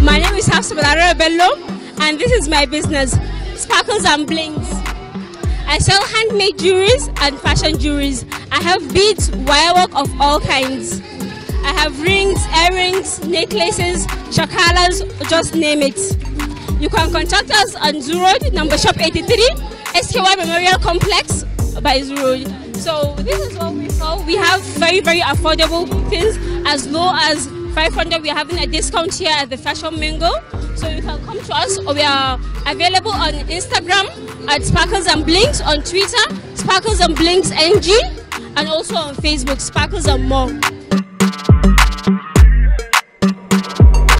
My name is Hafsa Bello, and this is my business, Sparkles and Blings. I sell handmade jewelries and fashion jewelries. I have beads, wirework of all kinds have rings, earrings, necklaces, chakalas, just name it. You can contact us on Zoo Road, number shop 83, SKY Memorial Complex by Zoo Road. So this is what we sell. We have very, very affordable things as low as 500. We're having a discount here at the Fashion Mingle, So you can come to us. We are available on Instagram at Sparkles and Blinks, on Twitter, Sparkles and Blinks NG, and also on Facebook, Sparkles and More.